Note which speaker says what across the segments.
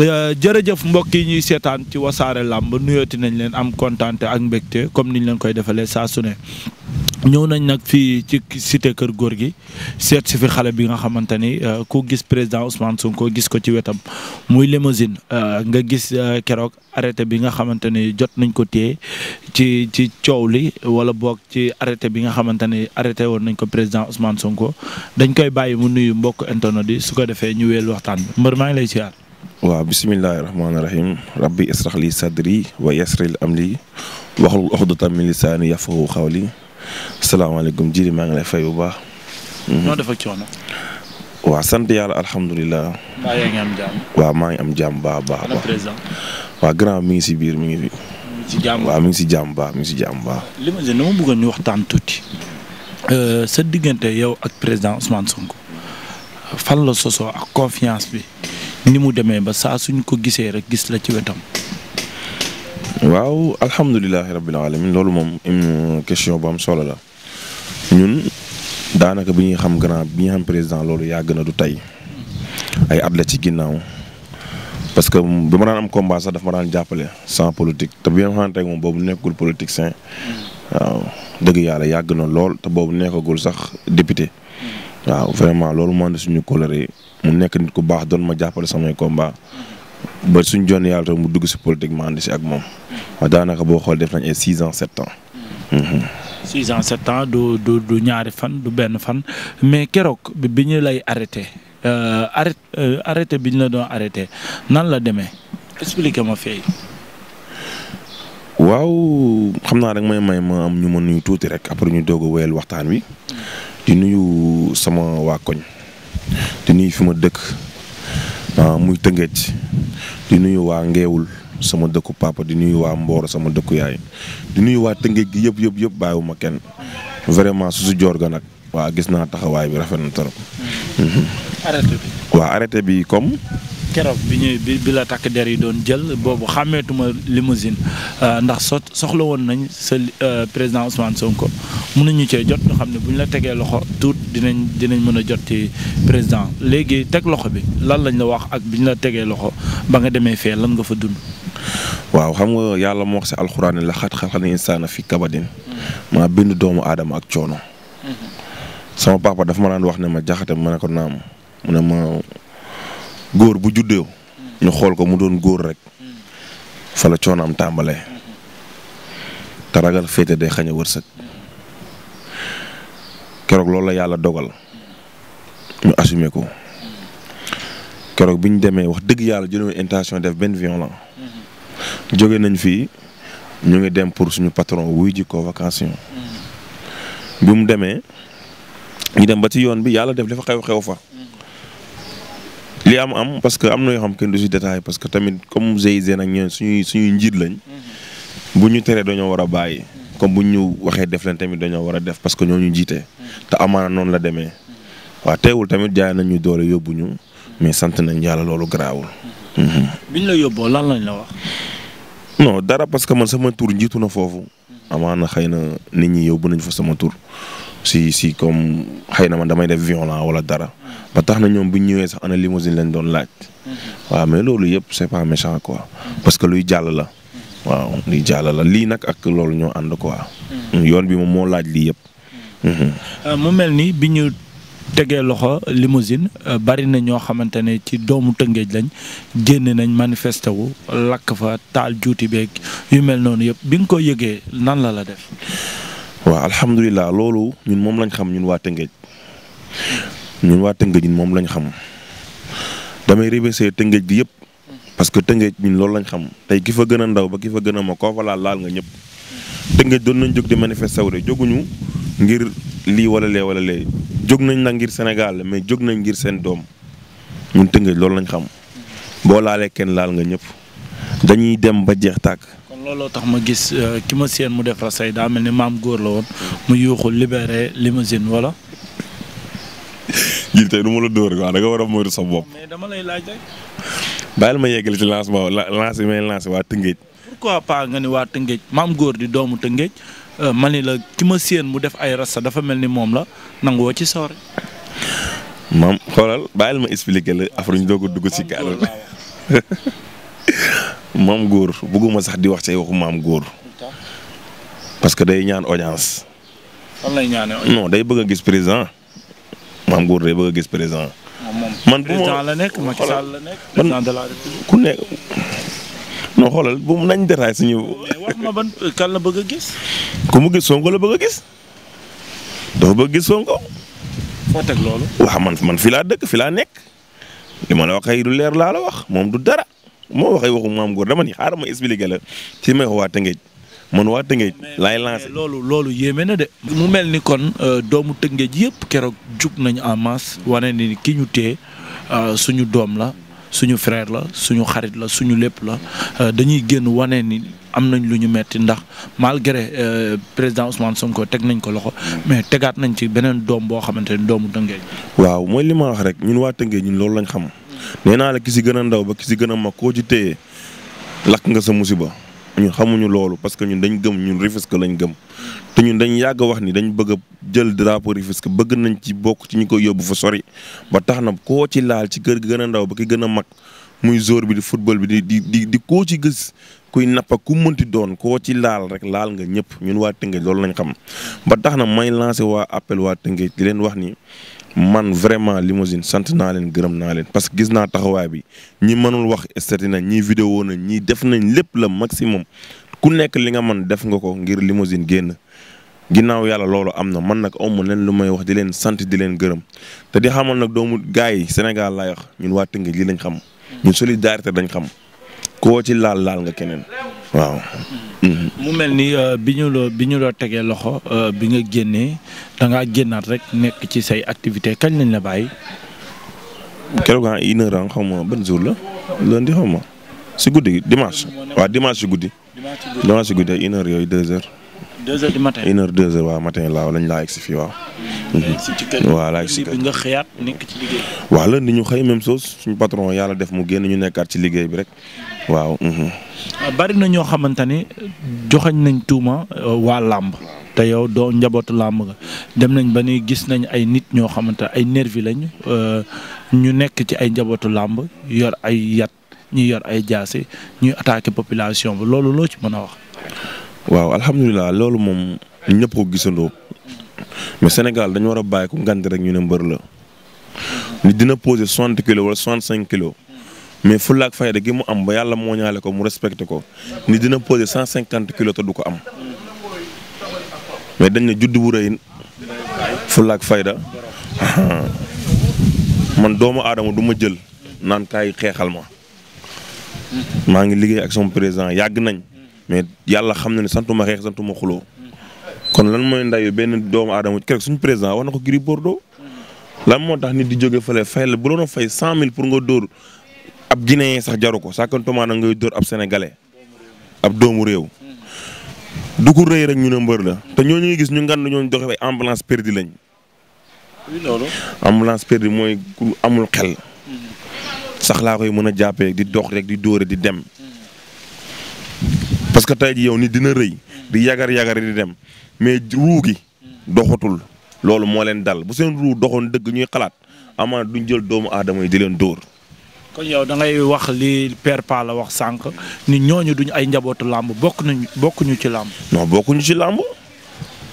Speaker 1: Euh, jërëjëf mbokk yi ñuy seetaan ci wasaare làmb nuyooti nañ leen am kontaan ak mbégte comme niñ leen koy defalee saa su ne ñëw nañ nag fi ci cité kër góor gi seet xale bi nga xamante ni euh, ku gis président Ousmane Sonko gis ko ci wetam muy limousine euh, nga gis keroog arrêté bi nga xamante ni jot nañ ko téye ci ci coow li wala boog ci arrêté bi nga xamante ni arrêté woon nañ ko président sun ko dañ koy bàyyi mu nuyu mbokk internet yi su ko defee ñu wéel waxtaan bi mbër maa ngi lay siyaar
Speaker 2: waaw bisimilahi rahmaani rahim rabbi israh li sadri wa yasril amri waxul uxdatan min lisaani yafqahu xawli salaamaaleykum jiri maa ngi lay fay bu baax. Mhm. noo def ak coono. sant yàlla alhamdulilah. maa maa ngi am jàmm baax baax baax. grand mi ngi si biir mi ngi fi. mi ngi si jàmm waaw mi ngi si jàmm baax mi ngi si jàmm
Speaker 1: baax. li ma gën dama bëggoon ñu waxtaan tuuti. Euh, sa diggante yow ak président Ousmane Sonko. fan la sosoo ak confiance bi. ni mu demee ba saa suñ ko gisee rek gis la ci wetam.
Speaker 2: waaw alhamdulilahi rabbil alamin loolu moom question bu am solo la ñun daanaka bi ñuy xam grand bi ñuy xam président loolu yàgg na du tey ay at la ci ginnaaw parce que bi ma daan am combat sax daf ma daan jàppale sans politique te bi ma xamante moom boobu nekkul politicien hmm. waaw dëgg yàlla yàgg na lool te boobu nekkagul sax député waaw vraiment loolu moo indi suñu coloré mu nekk nit ku baax doon ma jàppale samay combat ba suñu joon yàlla tam mu dugg si politique ma andi si ak moom waaw daanaka boo xool def nañ ay six ans sept ans. Mhm.
Speaker 1: six ans sept du du du ñaari fan du benn fan mais keroog bi ñu lay arrêté euh, arrêt euh, arrêté bi ñu la doon arrêté nan la demee expliqué ma fii.
Speaker 2: waaw xam naa rek may may ma am ñu ma nuyu tuuti rek après ñu doog a waxtaan wi. di nuyu nuyu sama waa koñ di nuy fi ma dëkk ah, muy Tëngéej di nuyu waa Ngeewul sama dëkku papa di nuyu waa mboor sama dëkku yaay di nuyu waa Tëngéej gi yëpp yëpp yëpp bàyyiwuma kenn vraiment susu joor ga nag waa gis naa taxawaay bi rafet na trop. Mhm. waa arrêté bi comme.
Speaker 1: keroog bi ñuy bi bi la takk der yi doon jël boobu xàmmeetuma limousine euh, ndax so soxla woon nañ sa euh, président Ousmane Sonko mun nañu cee jot ñu xam ne bu ñu la tegee loxo tuut dinañ dinañ mën a jot ci président léegi teg loxo bi lan lañ la wax ak bi ñu la tegee loxo ba nga demee fee lan nga fa dund.
Speaker 2: waaw xam nga yàlla moo wax si alxuraan la xat xalxal insaana fii kabadin maa bind doomu aadama ak coono. Mhm. sama papa dafa ma daan wax ne ma jaxate ma ne ko naam mu ne góor bu juddoo ñu xool ko mu doon góor rek fa la coonaam tàmbalee te ragal féete day xañ a wërsëg keroog loolu la yàlla dogal ñu assumé ko keroog bi ñu demee wax dëgg yàlla jëloo intention def benn violent jóge nañ fii ñu ngi dem pour suñu patron wuy ji ko bi mu demee ñu dem ba ci yoon bi yàlla def dafa xew xew fa. li am am parce que am na yoo xam kenn du si détail parce que tamit comme GIGN ak ñoom suñuy suñuy njiit lañ. Mm-hmm. bu ñu teree dañoo war a bàyyi. comme bu ñu waxee def leen tamit dañoo war a def parce que ñoo ñu jiite. Mm-hmm. te amaana noonu la demee. Mm-hmm. waaw teewul tamit jaay nañ ñu doole yóbbu ñu. mais sant nañ yàlla loolu garaawul.
Speaker 1: biñ la yóbboo lan lañ la wax.
Speaker 2: non dara parce que man sama tur njiitu na foofu. amaana xëy na nit ñi yóbbu nañ fa sama tur. si si comme xëy na man damay def violent wala dara ba tax na ñoom bu ñëwee sax ana limousine lañ doon laaj. waaw mais loolu yëpp c'est pas méchant quoi. parce que luy jàll la. waaw luy jàll lii nag ak loolu ñoo ànd quoi. Mm. yoon bi moom moo laaj lii yëpp. Mm-hmm.
Speaker 1: Euh, mu mel ni bi ñu tegee loxo limousine euh, bari na ñoo xamante ne ci doomu Tëngéej lañ génn nañ manifester wu lakk fa taal juuti beeg yu mel noonu yëpp bi nga ko yëgee nan la la def.
Speaker 2: waaw alhamdulilah loolu ñun moom lañ xam ñun waa Tëngéej ñun waa Tëngéej ñun moom lañ xam damay remercier Tëngéej gi yëpp parce que Tëngéej ñun loolu lañ xam tey ki fa gën a ndaw ba ki fa gën a ma koo fa laal laal nga ñëpp Tëngéej doon nañ jóg di manifester wu de jóguñu ngir lii wala lee wala lee jóg nañ nag ngir Sénégal mais jóg nañ ngir seen doom ñun Tëngéej loolu lañ xam boo laalee kenn laal nga ñëpp dañuy dem ba jeex tàkk.
Speaker 1: looloo tax ma gis euh, ki ma seen mu def rasay daa mel ni maam góor la woon mu yuuxu libéré limousine wala.
Speaker 2: jiite tey nu ma la dóor quoi da nga war a moytu sa bopp. mais dama lay laaj rek. bàyyil ma yeggali ci lancement lancé may lancé waa Tëngéej.
Speaker 1: pourquoi pas nga ni maam góor di doomu Tëngéej euh, ma ni la ki ma seen mu def ay rasta dafa mel ni moom la nangoo ci soore.
Speaker 2: maam xoolal bàyyil ma expliqué la affaire ñu doog a dugg ci kàddu maam góor bëgguma sax di wax say waxu maam góor. parce que day ñaan audience.
Speaker 1: fan lay ñaanee audience
Speaker 2: day bëgg a gis président maam góor day bëgg a gis président. man bu ma la nekk Macky Sall la nekk président de la ku nekk non xoolal bu mu nañ détaillé suñu. wax ma
Speaker 1: ban kan la bëgg a gis.
Speaker 2: ku mu gis Sonko la bëgg a gis dafa bëgg gis Sonko. foo loolu. waaw man man fii laa dëkk fii laa nekk li ma la wax ay lu leer laa la wax moom du dara. moo waxee waxu maam góor dama ni xaaral ma expliqué la ci may wax waa Tëngéej man waa Tëngéej
Speaker 1: laay lancé. loolu loolu yéeme na de. mu mel ni kon euh, doomu Tëngéej yëpp keroog jug nañu en masse wane ni ki ñu tee euh, suñu doom la suñu frère la suñu xarit la suñu lépp la euh, dañuy génn wane ni am nañ lu ñu metti ndax malgré président Ousmane Sonko teg nañ ko loxo mais tegaat nañ ci beneen doom boo xamante ne doomu Tëngéej. waaw mooy li ma wax rek ñun waa Tëngéej ñun loolu lañ
Speaker 2: xam. nee naa la ki si gën ndaw ba ki si gën a mag koo ci téye lakk nga sa musiba ñun xamuñu loolu parce que ñun dañ gëm ñun Rufisque lañ gëm te ñun dañ yàgg wax ni dañ bëgg a jël drapeau Rufisque bëgg nañ ci bokk ci ñu koy yóbbu fa sori ba tax na koo ci laal ci kër gi gën a ndaw ba ki gën a mag muy jour bi di football bi di di di di koo ci gis kuy nappa ku mënti doon koo ci laal rek laal nga ñëpp ñun waa Tëngéej loolu lañ xam ba tax na may lancé waa appel waa Tëngéej di leen wax ni man vraiment Limousine sant naa leen gërëm naa leen parce que gis naa taxawaay bi ñi mënul wax estati na ñii vidéo na ñii def nañ lépp la maximum ku nekk li nga man def nga ko ngir Limousine génn ginnaaw yàlla loolu am na man nag amu leen lu may wax di leen sant di leen gërëm te di xamal nag doomu gars yi Sénégal laay yax ñun waa Tëngéej li lañ xam ñun solidarité dañ xam koo ci laal laal nga keneen waaw.
Speaker 1: mu mel ni euh, bi ñu la bi ñu la tegee loxo euh, bi nga génnee da ngaa génnaat rek nekk ci say activité kañ lañ la bàyyi. keroog ah une heure ah, xaw ma ban
Speaker 2: jour la lundi xaw ma si guddi dimanche waa dimanche si guddi. dimanche si guddi ay une heure yooyu deux heures. deux heures du matin une heure lañ laa egg si fii Mhm. ci kër voilà ci kër
Speaker 1: nga xëyaat nekk ci
Speaker 2: liggéey ñu xëy même chose suñu patron yàlla def mu génn ñu nekkaat ci liggéey bi rek waaw. Mhm.
Speaker 1: Ah, bari na ñoo xamante ni joxañ nañ tuuma euh, waa làmb te yow doo njabootu làmb dem nañ ba ni gis nañ ay nit ñoo xamante ay nervi lañ euh, ñu nekk ci ay njabootu làmb yor ay yat ñuy yor ay jaasi ñuy attaqué population bi loolu loo ci mën a wax.
Speaker 2: waaw alhamdulilah loolu moom ñëpp ko gisandoo. mais Sénégal dañu war a bàyyi ku ngànt rek ñu ne mbër la. nit dina poser soixante kilos wala soixante cinq kilos. mais fulla ak fayda gi mu am ba yàlla moo ñaale ko mu respecté ko nit dina poser cent cinquante kilos te du ko am. dañ ne judd bu rëy fulla ak fayda man doomu aadama duma jël naan kaay xeexal ma. maa ngi liggéey ak sama président yàgg nañ. mais yàlla xam na ne santuma xeex santuma xuloo kon lan mooy ndayu benn doomu adama keroog suñu président wax na ko Gris Bordeaux lan moo tax nit di jóge fële fay la bu doon fay cent mille pour nga dóor ab Guinéen sax jaru ko sàkkantumaa na ngay dóor ab sénégalais ab doomu réew. du ko rëy rek ñu ne mbër la te ñooñu ngi gis ñu ngan ñooñu doxe ay ambulance perdu lañ. loolu. ambulance perdu mooy ku amul xel. sax laa koy mën a jàppee di dox rek di dóore di dem. parce que tey ji yow nit dina rëy. di yagar yagar di dem. mais ruu gi doxatul loolu moo leen dal bu seen ruu doxoon dëgg ñuy xalaat amaana duñ jël doomu aadama yi di leen dóor.
Speaker 1: kon yow da ngay wax li Père Pa la wax sànq ni ñooñu duñ ay njabootu làmb bokk nañ bokkuñu ci làmb.
Speaker 2: non bokkuñu ci làmb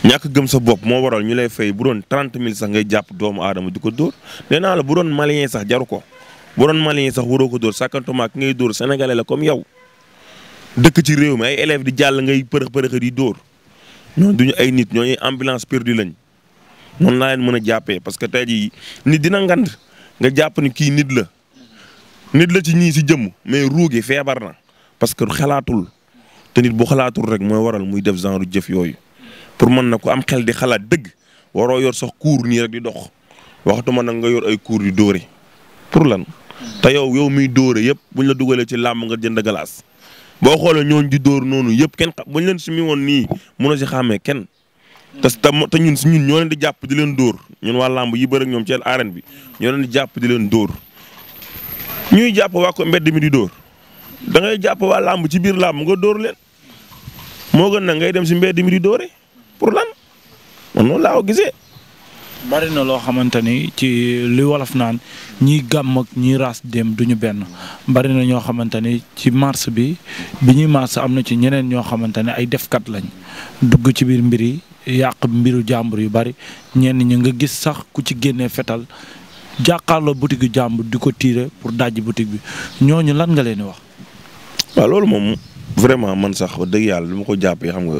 Speaker 2: ñàkk gëm sa bopp moo waral ñu lay fay bu doon trente mille sax ngay jàpp doomu aadama du ko dóor nee naa la bu doon malien sax jaru ko bu doon malien sax waroo ko dóor sàkkantu ki ngay dóor sénégalais la comme yow dëkk ci réew mi ay élèves di jàll ngay përëx përëx di dóor. du ñu ay nit ñooñu ambulance perdue lañ noonu laa leen mën a jàppee parce que tey jii nit dina ngand nga jàpp ni kii nit la nit la ci ñii si jëmm mais ruugi feebar na parce que xalaatul te nit bu xalaatul rek mooy waral muy def genre jëf yooyu pour mën na ko am xel di xalaat dëgg waroo yor sax kuur nii rek di dox waxtuma nag nga yor ay kuur di dóore pour lan te yow yow muy dóore yëpp buñ la dugalee ci làmb nga jënd galaas boo xoolee ñooñu di dóor noonu yëpp kenn xa bu ñu leen sumi woon nii mënoo si xàmmee kenn. te te ñun si ñun ñoo leen di jàpp di leen dóor ñun waa làmb yi bëri ñoom ci arène bi ñoo di jàpp di leen dóor. ñuy jàpp waa ko mbedd mi di dóor da ngay jàpp waa làmb ci biir làmb nga dóor leen moo
Speaker 1: gën nag ngay dem si mbedd mi di doore pour lan man noonu laa ko gisee. bari na loo xamante ni ci li wolof naan ñiy gàmm ak ñiy raas dem duñu benn bari na ñoo xamante ni ci mars bi bi ñuy mars am na ci ñeneen ñoo xamante ne ay defkat lañ dugg ci biir mbir yi yàq mbiru jàmbur yu bari ñenn ñi nga gis sax ku ci génne fetal jàkkaarloo boutique yu jàmbur di ko tiire pour dajj boutique bi ñooñu lan nga leen di wax.
Speaker 2: waa loolu moom vraiment man sax dëgg yàlla li ma ko jàppee xam nga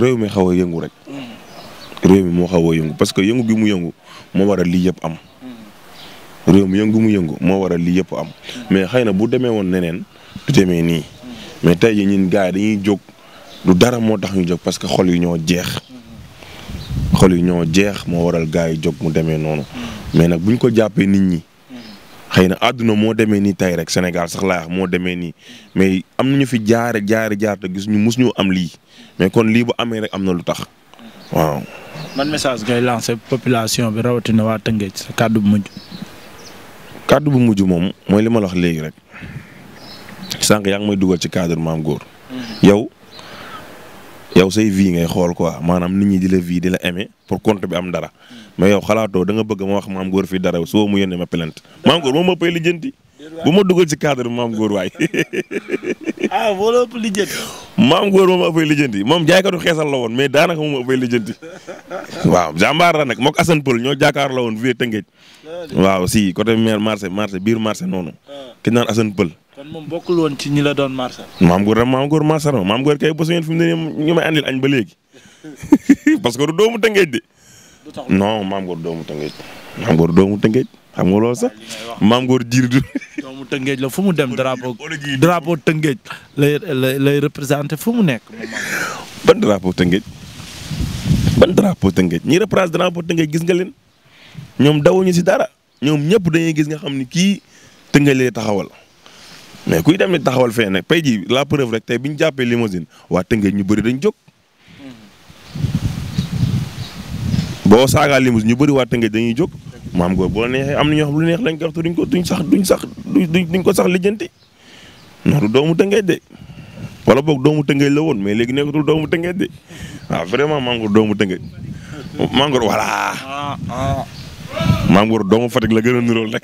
Speaker 2: réew mi xaw a yëngu rek. réew mi moo xaw a yëngu parce que yëngu gi mu yëngu moo waral lii yëpp am. réew mi yëngu mu yëngu moo waral lii yëpp am mais xëy na bu demee woon neneen du demee nii mais tey jii ñun gars dañuy jóg du dara moo tax ñu jóg parce que xol yi ñoo jeex xol yi ñoo jeex moo waral gars yi jóg mu demee noonu mais nag buñ ko jàppee nit ñi xëy na àdduna moo demee nii tey rek Sénégal sax laa moo demee nii mais am na ñu fi jaare jaare jaar te gis ñu mus ñu am lii mais kon lii bu amee rek am na lu tax
Speaker 1: waaw man message ngay lancé population bi rawatina waa Tëngéej sa kàddu bu mujj. kàddu bu mujj moom mooy li ma
Speaker 2: la wax léegi rek sànq yaa ngi may dugal ci cadre maam góor. Mhm. yow yow say vie ngay xool quoi maanaam nit ñi di la vie di la aimé pour compte bi am dara mhm. mais yow xalaatoo da nga bëgg ma wax maam góor fii dara soo mu yónnee ma plainte maam góor moom ma pay lijjanti. bu ma dugal ci cadre bi maam góor waay. ah boo la ëpp maam góor moom ëppay lijjanti moom jaaykatu xeesal la woon mais daanaka moom ëppay lijjanti waaw jàmbaar la nag mook Assane Pël ñoo jàkkaar la woon vie Tëngéej. waaw si côté maire marché marché biir marché noonu. Ah. ki naan Assane
Speaker 1: moom bokkul woon ci ñi la doon marché.
Speaker 2: maam góor maam góor marché la maam góor kay bës fi mu ne may andil añ ba léegi parce que du doomu Tëngéej de. non maam góor doomu Tëngéej maam xam nga loolu sax maam Ngor Diir du.
Speaker 1: Tëngéej la fu mu dem drapeau drapeau Tëngéej lay lay représenté fu mu nekk. ban drapeau Tëngéej
Speaker 2: ban drapeau Tëngéej
Speaker 1: ñi représenté drapeau Tëngéej
Speaker 2: gis nga leen ñoom dawuñu si dara ñoom ñëpp dañuy gis nga xam ni kii Tëngéej lay taxawal. mais kuy dem ni taxawal fee nag pay ji la preuve rek tey bi ñu jàppee limousine waa Tëngéej ñu bari dañ jóg. boo saagaa limousine ñu bari waa Tëngéej dañuy jóg. maam góor bu la neexee am na ñoo xam lu neex lañ ko wax te duñ ko duñ sax duñ sax ko sax lijjanti ndax doomu tëngeej de wala boog doomu tëngeej la woon mais léegi nekkatul doomu tëngeej de waaw vraiment maam góor doomu tëngeej maam góor voilà ah, ah. maam góor doomu la gën a niróol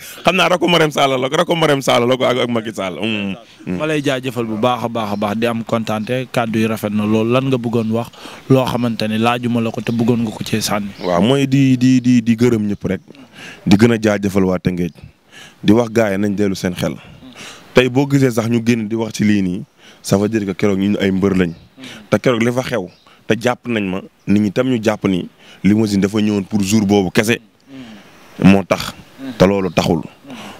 Speaker 2: xam naa rakku
Speaker 1: Marème Sall la ko rakku Marème Sall la ko ak ak Macky Sall. Mm. Mm. ma lay jaajëfal bu baax a baax a baax di am kontaante kàddu yi rafet na lool lan nga bëggoon wax loo xamante ne laajuma la ko te bëggoon nga ko cee sànni. waaw mooy
Speaker 2: di di di di gërëm ñëpp rek di gën a jaajëfal waa Tëngéej di wax gars yi nañ dellu seen xel tey boo gisee sax ñu génn di wax ci lii nii ça veut dire que ñu ay mbër lañ te keroog li fa xew te jàpp nañ ma nit ñi tam ñu jàpp ni limousine dafa ñëwoon pour jour boobu kese moo tax te loolu taxul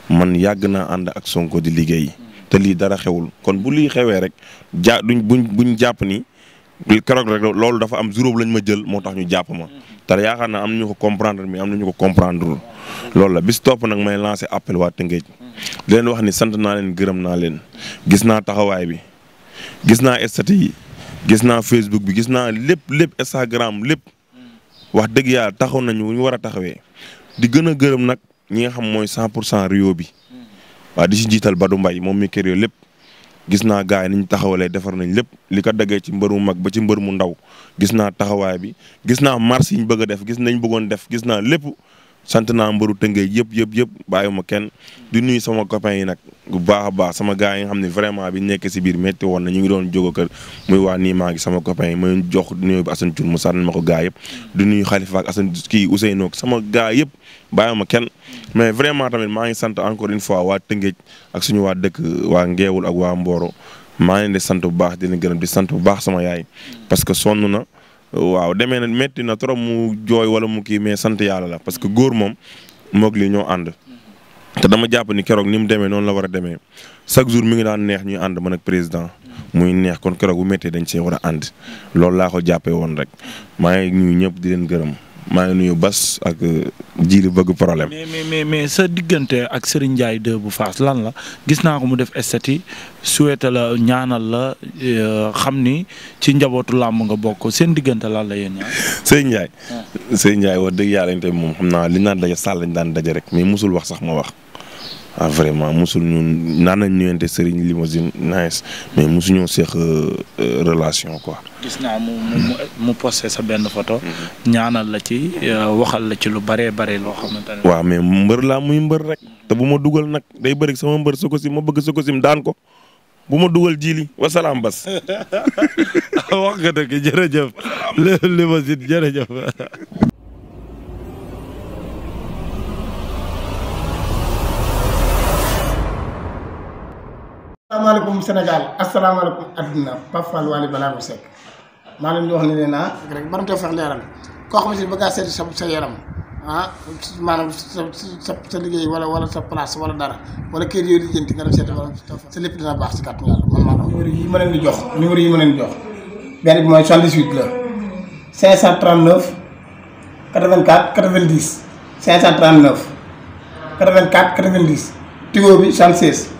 Speaker 2: man yàgg naa ànd ak Sonko di liggéey te lii dara xewul kon bu lii xewee rek ja duñ buñ buñ jàpp ni keroog rek loolu dafa am juróom lañ ma jël moo tax ñu jàpp ma te yaakaar naa am nañu ko comprendre mais am nañu ko comprendre lool la bis topp nag may lancer appel waa Tëngéej di leen wax ni sant naa leen gërëm naa leen gis naa taxawaay bi gis naa statut yi gis naa Facebook bi gis naa lépp lépp Instagram lépp wax dëgg yàlla taxaw nañu wu ñu war a taxawee di gën a gërëm nag ñi nga xam mooy cent pour cent Rio bi waaw di si jiital Badou mbay moom mi kër yooyu lépp gis naa gars yi ni ñu taxawalee defar nañ lépp li ko daggee ci mbër mu mag ba ci mbër mu ndaw gis naa taxawaay bi gis naa marche yi ñu bëgg def gis nañ bëggoon def gis naa lépp sant naa mbëru tëngee yëpp yëpp yëpp bàyyiwuma kenn di nuyu sama copain yi nag bu baax a baax sama gars yi nga xam ne vraiment bi nekkee si biir métti woon na ñu ngi doon jóg kër muy waa nii maa ngi sama copain yi ma jox nuyu bi Assane Thioune mu sànni ma ko gars yëpp di nuyu Khalifa ak Assane kii Ousseynou ak sama gars yëpp bàyyiwuma kenn mais vraiment tamit maa ngi sant encore une fois waa Tëngéej ak suñu waa dëkk waa Ngeewul ak waa Mboro maa ngi leen sant bu baax di gërëm di sant bu baax sama yaay parce que sonn waaw demee na métti na trop mu jooy wala mu kii mais sant yàlla la parce que góor moom moog li ñoo ànd. te dama jàpp ni keroog ni mu demee noonu la war a demee chaque jour mi ngi daan neex ñuy ànd man ak président muy neex kon keroog bu méttee dañ see war a ànd loolu laa ko jàppee woon rek maa ngi nuyu ñëpp di leen gërëm. maa ngi nuyu Bas ak euh, jiiri bëgg problème. mais
Speaker 1: mais mais sa diggante ak Serigne Ndiaye 2 bu faas lan la gis naa ko mu def estati souhaité la ñaanal la euh, xam ni ci njabootu làmb nga bokk seen diggante lan la yéen ñaar. Serigne Ndiaye. Ah.
Speaker 2: Serigne Ndiaye wax dëgg yàlla moom xam naa li ñu daan daje Sall lañ daan daje rek mais mosul wax sax ma wax. ah vraiment mosul ñun naan nañ nuyante Serigne Limousine nice mais mosu ñoo seq euh, euh, relation quoi.
Speaker 1: gis naa mu mu mu sa benn foto mm-hmm. ñaanal la ci euh, waxal la ci lu bëree bëri loo xamante
Speaker 2: ne. waaw mais mbër laa muy mbër rek. te bu ma dugal nag day bëri sama mbër soko si ma bëgg soko sim daan ko. bu ma dugal jiili wasalaam bas.
Speaker 1: wax nga dëgg jërëjëf. li ma si jërëjëf.
Speaker 3: asalaamaaleykum Sénégal asalaamaaleykum adduna Pape Fall Waly Balago Seck maa leen di wax ne leen ah rek baram tey fex leeral koo xam ne si a seeti sa yaram ah maanaam sa sa liggéey wala wala sa place wala dara wala kër yooyu di jënti nga dem seeti wala sa lépp dina baax si kàttan yàlla man yi ma leen di jox numéro yi ma leen di jox benn bi mooy 78 la 539 84 90 539 84 90 tigo bi 76